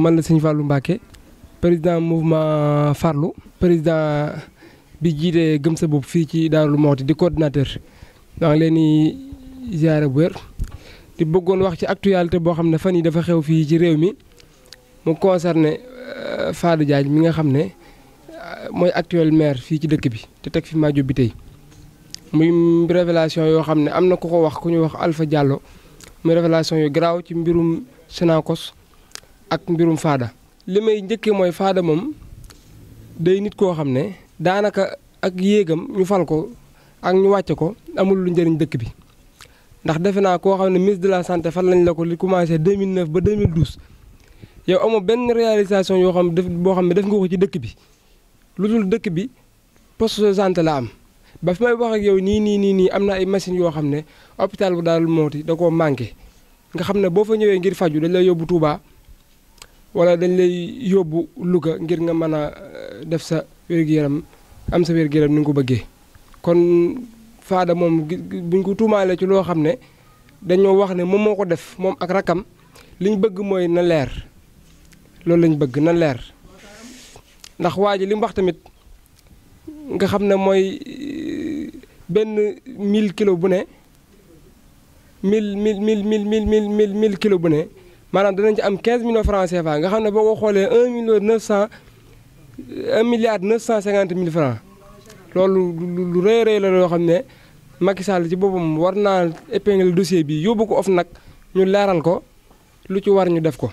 man la sëñ Fallou Mbacké président mouvement Farlu président bi jiite gëm sa bopp fii ci Darou Mouhty di coordinateur daa ngi leen di ziare bu wér di bëggoon wax ci actualité boo xam ne fan yi dafa xew fii ci réew mi mu concerné euh, Fadou Diagne mi nga xam ne euh, mooy actuel maire fii ci dëkk bi te teg fi Madiop bi tey muy révélation yoo xam ne am na ku ko wax ku ñuy wax alfa Diallo muy révélation yu garaaw ci mbirum senakos ak mbirum faada li may njëkkee mooy faada moom day nit koo xam ne daanaka ak yéegam ñu fal ko ak ñu wàcce ko amul lu njëriñ dëkk bi ndax defe naa koo xam ne ministre de la santé fan lañ la ko li commencé 2009 ba 2012 yow amoo benn réalisation yoo xam def boo xam ne def nga ko ci dëkk bi lu dul dëkk bi poste de santé la am ba fi may wax ak yow nii nii nii nii am na ay machines yoo xam ne hôpital bu daal mooti da koo manqué nga xam ne boo fa ñëwee ngir faju dañ la yóbbu Touba wala dañ lay yóbbu Louga ngir nga mën a euh, def sa wér-gu-yaram am sa wér-gu-yaram ni nga ko bëggee kon faada moom buñ ko tuumaalee ci loo xam ne dañoo wax ne moom moo ko def moom ak rakam liñ bëgg mooy na leer loolu lañ bëgg na leer ndax waa ji li mu wax tamit nga xam ne mooy euh, benn mil kilo bu ne 1000 mil 1000 1000 1000 kilos bu ne. maanaam danañ ci am 15 millions francs CFA nga xam ne boo ko xoolee 1 million 900 1 milliard 950 mille francs loolu lu rëy rëy la loo xam ne Macky Sall ci boppam war naa épingle dossier bi yóbbu ko of nag ñu laaral ko lu ci war ñu def ko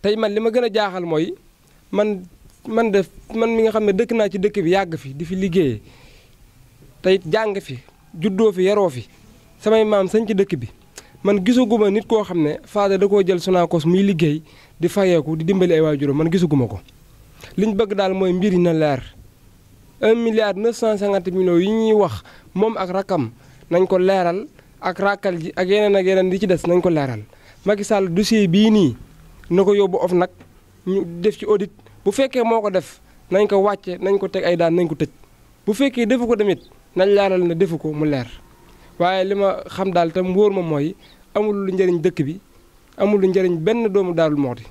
tey man li ma gën a jaaxal mooy man man def man mi nga xam ne dëkk naa ci dëkk bi yàgg fi di fi liggéeyee tey jàng fi juddoo fi yaroo fi samay maam sañ ci dëkk bi. man gisaguma nit koo xam ne Fada da koo jël Sonacos muy liggéey di fayeeku di dimbali ay waajuram man gisaguma ko li ñu bëgg daal mooy mbir yi na leer un milliard neuf cent cinquante millions yi ñuy wax moom ak rakkam nañ ko leeral ak rakkal ji ak yeneen ak yeneen di ci des nañ ko leeral Macky Sall dossier bii nii na ko yóbbu of nag ñu def ci audit bu fekkee moo ko def nañ ko wàcce nañ ko teg ay daan nañ ko tëj bu fekkee defu ko tamit nañ leeral na defu ko mu leer waaye li ma xam daal tam wóor ma mooy amul lu njëriñ dëkk bi amul lu njëriñ benn doomu Daaru Muxti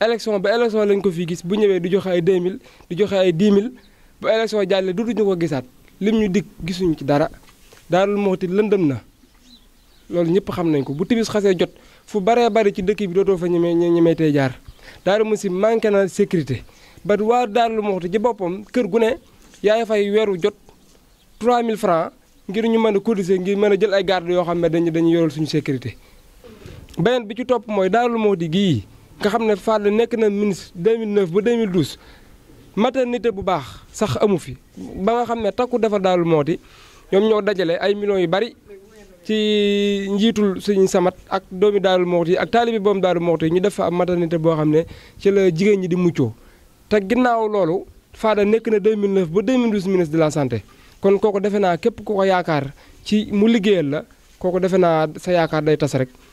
élection ba élection lañ ko fi gis bu ñëwee di joxe ay 2000 di joxe ay 10 000 ba élection jàllee dutuñu ko gisaat lim ñu dikk gisuñu ci dara Daaru Muxti lëndëm na loolu ñëpp xam nañ ko bu timis xasee jot fu bare bari ci dëkk bi dootoo fa ñemee ñemee tey jaar Daaru Muxti manqué na sécurité ba waa Daaru Muxti ci boppam kër gu ne yaay fay weeru jot 3000 francs ngir ñu mën a cotiser ngir mën a jël ay garde yoo xam ne dañu dañu suñu sécurité beneen bi ci topp mooy Daaru Muxti gii nga xam ne Fall nekk na ministre 2009 ba 2012 maternité bu baax sax amu fi ba nga xam ne takku defar Daaru Muxti ñoom ñoo dajale ay millions yu bari ci njiitul suñu samat ak doomi Daaru Muxti ak taalibi boom Daaru Muxti ñu def fa am maternité boo xam ne ci la jigéen ñi di muccoo te ginnaaw loolu Fada nekk na 2009 ba 2012 ministre de la santé kon kooku defe naa képp ku ko yaakaar ci mu liggéeyal la kooku defe naa sa yaakaar day tas rek